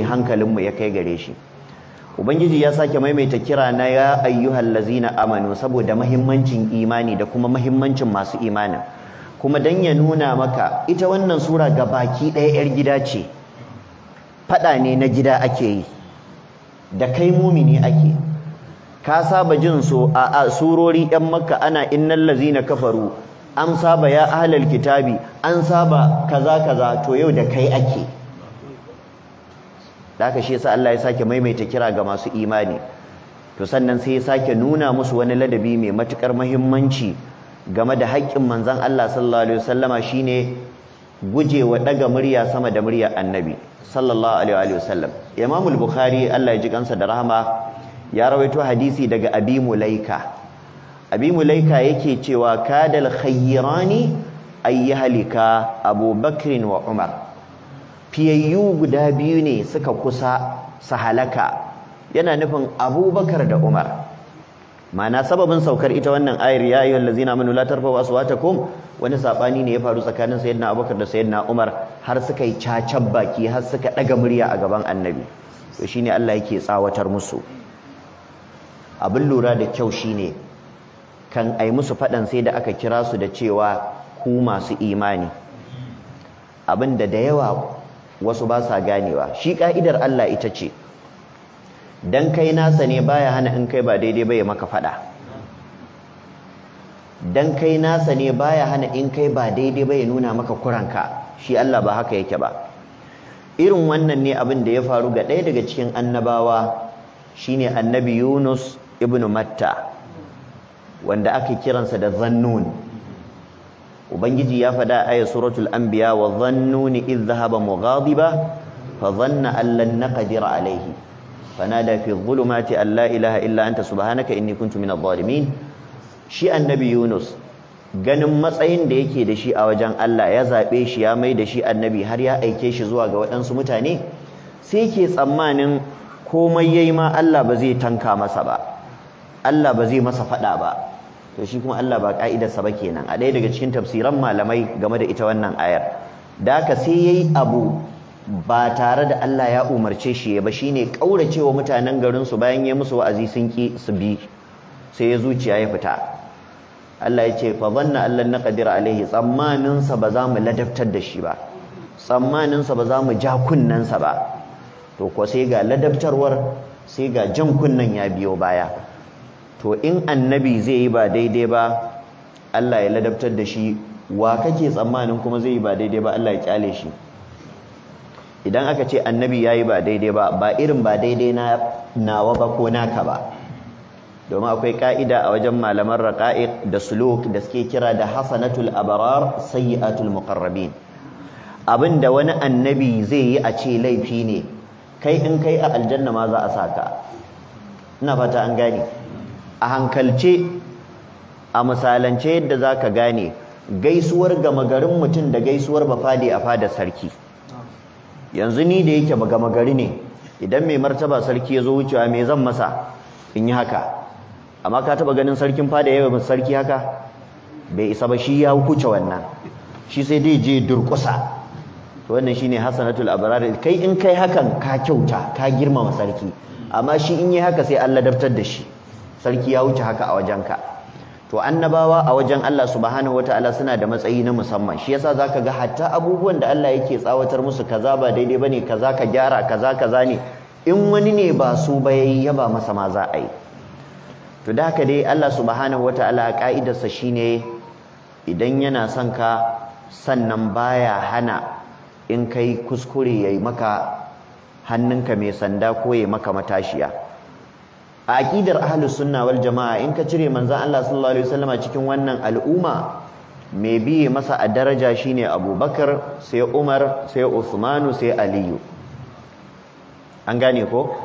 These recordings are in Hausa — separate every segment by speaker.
Speaker 1: hankalinmu ya kai gare shi ubangiji ya sake maimaita kira na ya ayyuhal lazina amanu saboda mahimmancin imani da kuma mahimmancin masu imani kuma dan ya nuna maka ita wannan sura ga baki ɗaya yar gida ce faɗa ne na gida ake yi da kai mumini ake ka saba jin so a surori yan maka ana innal lazina kafaru an saba ya ahlal kitabi an saba kaza kaza to yau da kai ake da haka shi yasa Allah ya sake maimaita kira ga masu imani to sannan sai ya sake nuna musu wani ladabi mai matukar muhimmanci game da haƙƙin manzon Allah sallallahu alaihi wasallama shine gujewa ɗaga murya sama da murya annabi sallallahu alaihi wasallam Imam al-Bukhari Allah ya ji kansa da rahama ya rawaito hadisi daga Abi Mulaika Abi Mulaika yake cewa kadal khayrani ayyahalika Abu Bakrin wa Umar fiyayyu guda biyu ne suka kusa su halaka yana nufin abubakar da umar mana sababin saukar ita wannan ayar ya manu ladzina amanu la wata aswatakum wani saɓani ne ya faru tsakanin sayyidina Abubakar da sayyidina Umar har suka yi cacan baki har suka ɗaga murya a gaban annabi to shine Allah yake tsawatar musu abin lura da kyau shine kan ai musu faɗan sai da aka kira su da cewa ku masu imani abin da da yawa wasu ba sa ganewa shi ka'idar Allah ita ce dan kai nasa ne baya hana in kai ba daidai ba ya maka fada dan kai nasa ne baya hana in kai ba daidai ba nuna maka kuranka shi Allah ba haka yake ba irin wannan ne abin da ya faru ga ɗaya daga cikin annabawa shine annabi Yunus ibn Matta wanda ake kiransa da Zannun ubangiji ya fada ayat suratul anbiya wa dhannuni idh dhahaba mughadiba fa dhanna an lan naqdir alayhi fanada fi dhulumati an la ilaha illa anta subhanaka inni kuntu minadh dhalimin shi annabi yunus ganin matsayin da yake da shi a wajen Allah ya zabe shi ya mai da shi annabi har ya aike shi zuwa ga waɗansu mutane sai ke tsammanin komai yayi ma Allah ba zai tanka masa ba Allah ba zai masa fada ba to shi kuma Allah ba ka'idarsa ba kenan a ɗaya daga cikin tafsiran malamai game da ita wannan ayar da ka sai yayi abu ba tare da Allah ya umarce shi ba Shi ne ƙauracewa mutanen garinsu bayan ya musu wa'azi sun ki su bi sai ya zuciya ya fita Allah ya ce fa zanna na naqdir alaihi tsammaninsa ba za mu ladabtar da shi ba Tsammaninsa ba za mu ja kunnensa ba to ko sai ga ladabtarwar sai ga jan kunnan ya biyo baya to in annabi zai yi ba daidai ba Allah ya ladabtar da shi wa kake tsammanin kuma zai yi ba daidai ba Allah ya kyale shi idan aka ce annabi ya yi ba daidai ba ba irin ba daidai na nawa ba ko naka ba domin akwai ka'ida a wajen malaman Raƙa'i da suluk da suke kira da hasanatul abrar sayyatul muqarrabin abinda wani annabi zai yi a ce laifi ne kai in kai a aljanna ma za a saka ina fata an gane a hankalce a misalance yadda za ka gane gaisuwar gama garin mutum da gaisuwar bafade a fada sarki yanzu ni da yake gama gari ne idan mai martaba sarki ya zo wucewa me zan masa in yi haka amma ka taba ganin sarkin fada yawa sarki haka bai isa ba shi ya hukuce wannan shi sai dai je durkusa to wannan shine hasanatul abrar kai in kai hakan ka kyauta ka girmama sarki amma shi in yi haka sai Allah daftar da shi sarki ya wuce haka a wajen ka to annabawa a wajen Allah subhanahu wataala suna da matsayi na musamman shi yasa zaka ga hatta abubuwan da Allah yake tsawatar musu kaza ba daidai bane kaza ka gyara kaza kaza ne in wani ne ba su ba yayi ya ba masa ma za a yi to da haka dai Allah subhanahu wataala ka'idarsa shine idan yana son ka sannan baya hana in kai kuskure yayi maka hannunka mai sanda ko yayi maka matashiya a aƙidar ahalus sunna wal jamaa in ka cire manzon Allah sallallahu alaihi wasallama cikin wannan al'umma mai biye masa a daraja shine Abubakar sai Umar sai Usmanu sai Aliyu an gane ko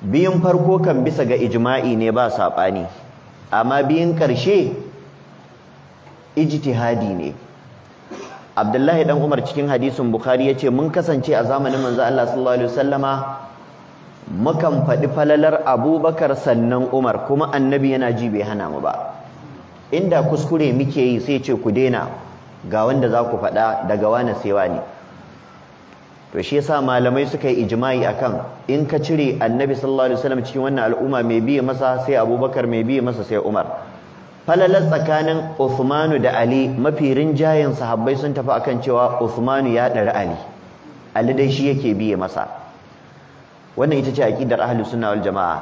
Speaker 1: biyun farko kan bisa ga ijma'i ne ba saɓani amma biyun ƙarshe ijtihadi ne Abdullahi ɗan Umar cikin hadisin Bukhari ce mun kasance a zamanin manza Allah sallallahu alaihi wasallama mukan faɗi falalar abubakar sannan umar kuma annabi yana ji bai hana mu ba inda kuskure muke yi sai ce ku daina ga wanda za ku faɗa daga wane sai ne. to shi yasa malamai suka yi ijma'i akan in ka cire annabi sallallahu alaihi wasallam cikin wannan al'umma mai biye masa sai abubakar mai biye masa sai umar falalar tsakanin Usmanu da Ali mafi rinjayen sahabbai sun tafi akan cewa Usmanu ya ɗari Ali Ali dai shi yake biye masa wannan ita ce aqidar ahlus sunna wal jamaa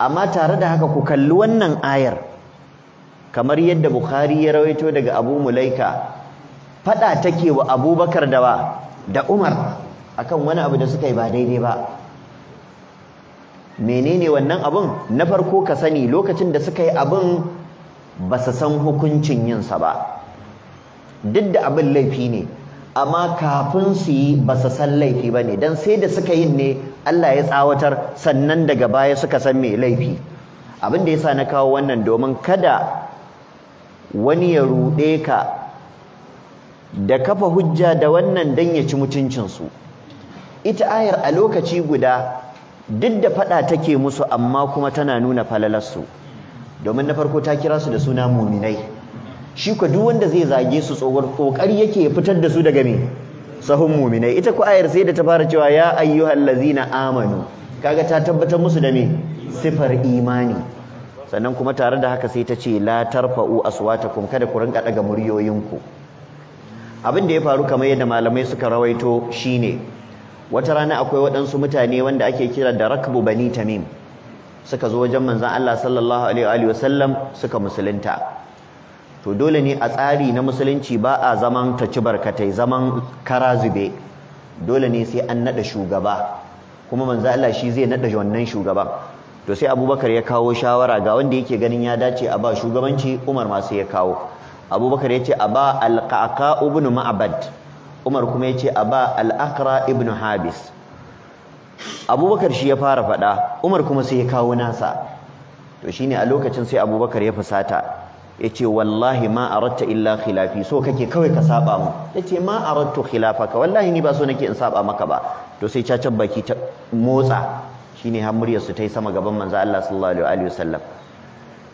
Speaker 1: amma tare da haka ku kalli wannan ayar kamar yadda bukhari ya rawaito daga abu mulaika fada take wa abubakar da ba da umar akan wani abu da suka yi ba daidai ba menene wannan abun na farko ka sani lokacin da suka yi abun ba su san hukuncin yinsa ba duk da abin laifi ne amma kafin su yi ba su san laifi ba ne don sai da suka yin ne Allah ya tsawatar sannan daga baya suka san mai laifi abinda da ya sa na kawo wannan domin kada wani ya ruɗe ka da kafa hujja da wannan don ya ci mutuncinsu ita ayar a lokaci guda duk da faɗa take musu amma kuma tana nuna falalarsu domin na farko ta kira su da suna muminai shi ka duk wanda zai zage su tsohuwar kokari yake fitar da su daga me sahun mu'minai ita ku ayar sai da ta fara cewa ya ayyuhal ladzina amanu kaga ta tabbatar musu da me sifar imani sannan kuma tare da haka sai ta ce la tarfa'u aswatakum kada ku rinka daga muryoyinku abin da ya faru kamar yadda malamai suka rawaito shine wata rana akwai waɗansu mutane wanda ake kira da rakbu bani tamim suka zo wajen manzon Allah sallallahu alaihi wa sallam suka musulunta to dole ne a tsari na musulunci ba a zaman ta ci barkatai zaman kara zube dole ne sai an nada shugaba kuma manzo Allah shi zai nada wannan shugaba to sai Abubakar ya kawo shawara ga wanda yake ganin ya dace a ba shugabanci Umar ma sai ya kawo Abubakar ya ce a ba Al-Qaqa ibn Umar kuma ya ce a ba al ibn Habis Abubakar shi ya fara faɗa Umar kuma sai ya kawo nasa to shine a lokacin sai Abubakar ya fusata yace wallahi ma aratta illa khilafi so kake kawai ka saba mu yace ma arattu khilafaka wallahi ni ba so nake in saba maka ba to sai cacan baki ta motsa shine har muryar su tai sama gaban manzo Allah sallallahu alaihi wasallam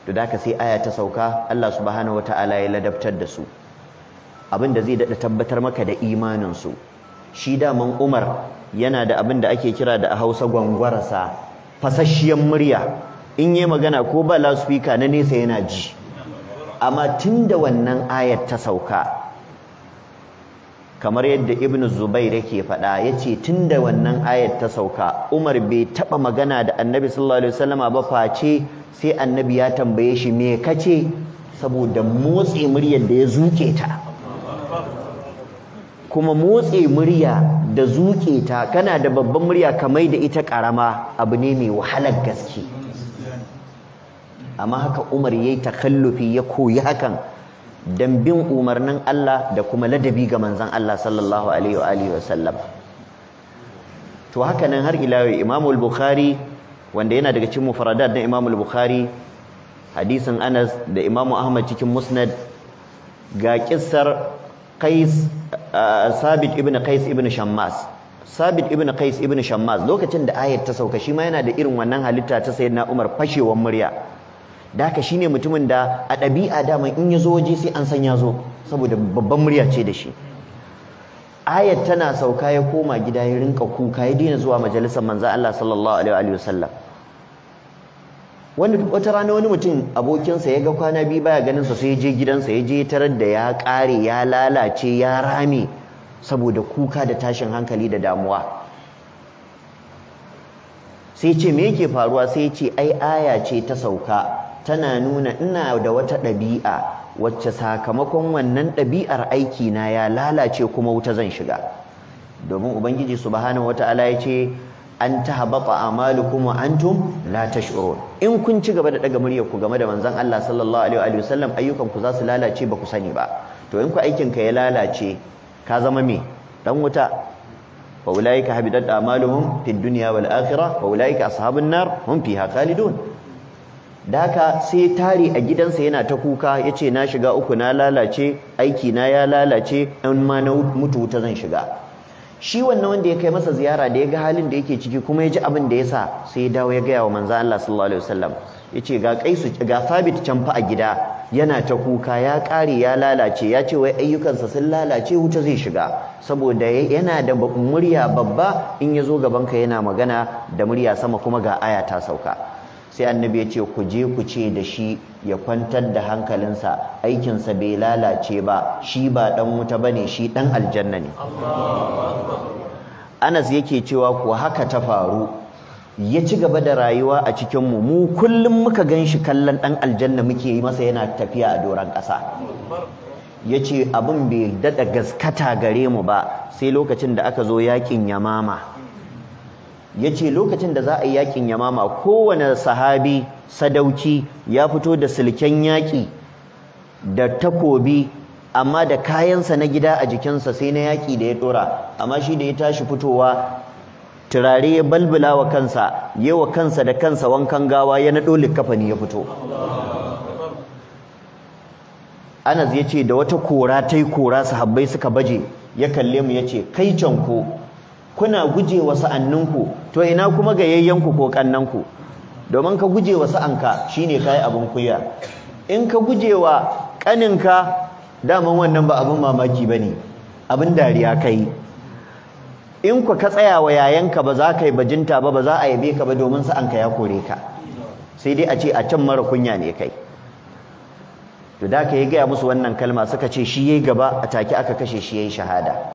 Speaker 1: to da sai aya ta sauka Allah subhanahu wataala ya ladabtar da su abin da zai dada tabbatar maka da imanin su shi daman Umar yana da abin da ake kira da a Hausa gwangwarasa fasashiyar murya in yi magana ko ba loudspeaker na nesa yana ji amma tun da wannan ayat ta sauka kamar yadda ibn zubair yake faɗa ya ce tun da wannan ayat ta sauka umar bai taɓa magana da annabi sallallahu alaihi wasallam ba face sai annabi ya tambaye shi me kace saboda motsi muryar da ya zuke ta kuma motsi murya da zuke ta kana da babban murya kamar da ita karama abu ne mai wahalar gaske amma haka Umar ya yayi takallufi ya koyi hakan don bin umarnin Allah da kuma ladabi ga manzan Allah sallallahu alaihi to haka nan har ila yau Imam al-Bukhari wanda yana daga cikin mufradat na Imam al-Bukhari hadisin Anas da Imam Ahmad cikin Musnad ga kissar Qais Sabit ibn Qais ibn Shammas Sabit ibn Qais ibn Shammas lokacin da ayat ta sauka shi ma yana da irin wannan halitta ta sayyidina Umar fashewan murya Daka haka shine mutumin da a ɗabi'a dama in ya zo waje sai an san ya zo saboda babban murya ce da shi ayat tana sauka ya koma gida ya rinka kuka ya daina zuwa majalisar Manza, Allah sallallahu alaihi wa sallam wani wata rana wani mutum abokinsa ya ga kwana biyu baya ganin sa sai ya je gidansa ya je tarar da ya kare ya lalace ya rame saboda kuka da tashin hankali da damuwa sai ce me yake faruwa sai ce ai aya ce ta sauka tana nuna ina da wata ɗabi'a wacce sakamakon wannan ɗabi'ar aiki na ya lalace kuma wuta zan shiga domin ubangiji subhanahu wata'ala ya ce an tahabata amalukum wa antum la tash'urun in kun ci gaba da daga muryar ku game da manzon Allah sallallahu alaihi wa sallam ayyukan ku za su lalace ba ku sani ba to in ku aikin ka ya lalace ka zama me dan wuta wa ulaika habidat amaluhum fid dunya wal akhirah wa ulaika ashabun nar hum fiha khalidun da haka sai tare a gidansa yana ta kuka ya ce na shiga uku na lalace aiki na ya lalace in ma na mutu wuta zan shiga shi wannan wanda ya kai masa ziyara da ya ga halin da yake ciki kuma ya ji abin da ya sa sai ya dawo ya gaya wa manzo Allah sallallahu alaihi wasallam ya ce ga kaisu ga Thabit can fa a gida yana ta kuka ya kare ya lalace ya ce wai ayyukansa sun lalace wuta zai shiga saboda yana da murya babba in ya zo gaban gabanka yana magana da murya sama kuma ga aya ta sauka sai annabi ya ce ku je ku ce da shi ya kwantar da hankalinsa aikinsa bai lalace ba shi ba dan wuta bane shi dan aljanna ne Anas yake cewa ku haka ta faru ya ci gaba da rayuwa a cikin mu mu kullum muka gan shi kallon dan aljanna muke yi masa yana tafiya a doran ƙasa yace abin bai dada gaskata gare mu ba sai lokacin da aka zo yakin yamama yace lokacin da za a yi yakin yamama kowane sahabi sadauki ya fito da silken yaki da takobi amma da kayansa na gida a jikinsa sai na yaki da ya dora amma shi da ya tashi fitowa turare ya balbula wa kansa yawa kansa da kansa wankan gawa ya naɗo likafani ya fito Anas ya ce da wata kora ta yi kora sahabbai suka baje ya kalle mu ya ce kai canko ku. kuna guje wa sa'anninku to ina kuma ga yayyanku ko kannanku domin ka guje wa sa'anka shine kai abin kuya in ka guje wa kaninka daman wannan ba abin mamaki ba ne. abin dariya kai in ku ka tsaya wa yayanka ba za ka yi bajinta ba ba za a yabe ka ba domin sa'anka ya kore ka sai dai a ce a can mara kunya ne kai to da ka yi gaya musu wannan kalma suka ce shi yayi gaba a take aka kashe shi yayi shahada